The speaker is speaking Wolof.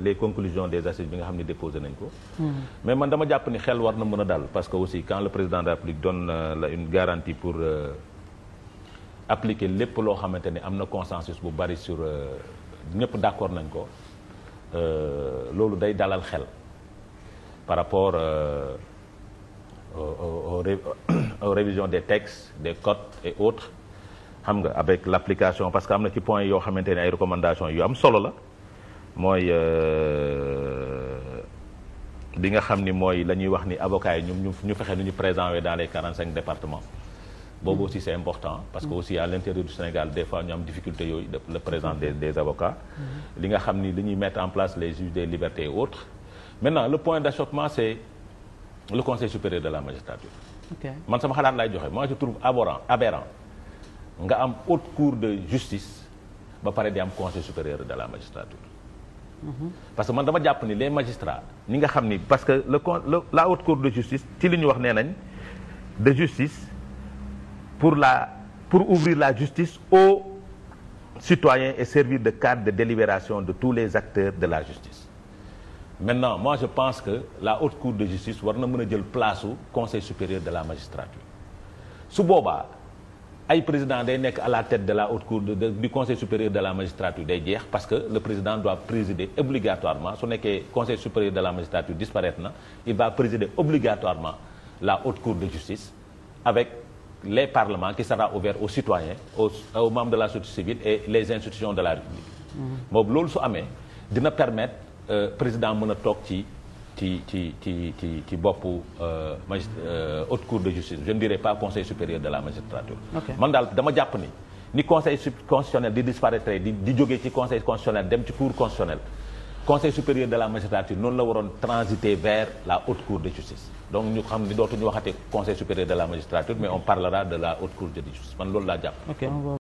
les conclusions des assises bi nga xam ne déposé nañ ko. Hmm. mais man dama jàpp ni xel war na mën a dal parce que aussi quand le président de la République donne euh, la une garantie pour euh, appliquer lépp loo xamante ni am na consensus bu bari sur euh, ñëpp d'accord nañ ko loolu day dalal xel par rapport aux aux des textes des codes et autres xam nga avec l'application parce que am na ci point yoo xamante ni ay recommandations yu am solo la. mooy li euh, nga xam ni mooy la ñuy wax ni avocats yi ñoom ñu ñu fexe nu ñu présent dans les quarante cinq départements boobu aussi c'est important parce que aussi à l'intérieur du Sénégal des fois ñu am difficulté yooyu le présent des des avocats mm-hmm. li nga xam ni li ñuy mettre en place les juges des libertés et autres maintenant le point d'achoppement c'est le conseil supérieur de la magistrature man sama xalaat lay joxe moi je trouve aberrant aberrant nga am haute cour de justice ba pare di am conseil supérieur de la magistrature parce que man dama jàpp ni les magistrats ñi nga xam ni parce que le con la haute cour de justice ci li ñu wax nee nañ de justice pour la pour ouvrir la justice aux citoyens et servir de cadre de délibération de tous les acteurs de la justice maintenant moi je pense que la haute cour de justice war na mën a jël place conseil supérieur de la magistrature su boobaa ay président day nekk à la tête de la haute cour de, de, du conseil supérieur de la magistrature day jeex parce que le président doit présider obligatoirement su nekkee conseil supérieur de la magistrature disparaître na il va présider obligatoirement la haute cour de justice avec les parlements qui sera ouvert aux citoyens aux, membres de la société civile et les institutions de la république mmh. boobu loolu su amee dina permettre euh, président mën a toog ci ci ci ci ci ci boppu euh, magist euh, haute cour de justice je ne dirais pas conseil supérieur de la magistrature. man daal dama jàpp ni ni conseil constitutionnel di disparaître di di ci conseil constitutionnel dem ci cour constitutionnel. conseil supérieur de la magistrature noonu la waroon transiter vers la haute cour de justice donc ñu xam ni dootuñu waxatee conseil supérieur de la magistrature mais on parlera de la haute cour de justice man loolu laa jàpp.